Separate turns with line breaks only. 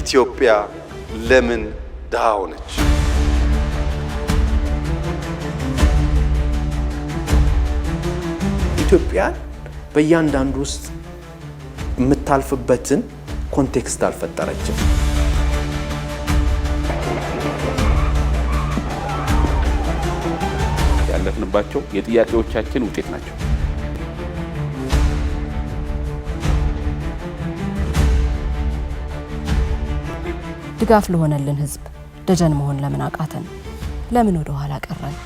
ኢትዮጵያ ለምን ድሃ ሆነች?
ኢትዮጵያ በእያንዳንዱ ውስጥ የምታልፍበትን ኮንቴክስት አልፈጠረችም።
ያለፍንባቸው የጥያቄዎቻችን ውጤት ናቸው።
ድጋፍ ለሆነልን ህዝብ ደጀን መሆን ለምን አቃተን? ለምን ወደ ኋላ ቀረን?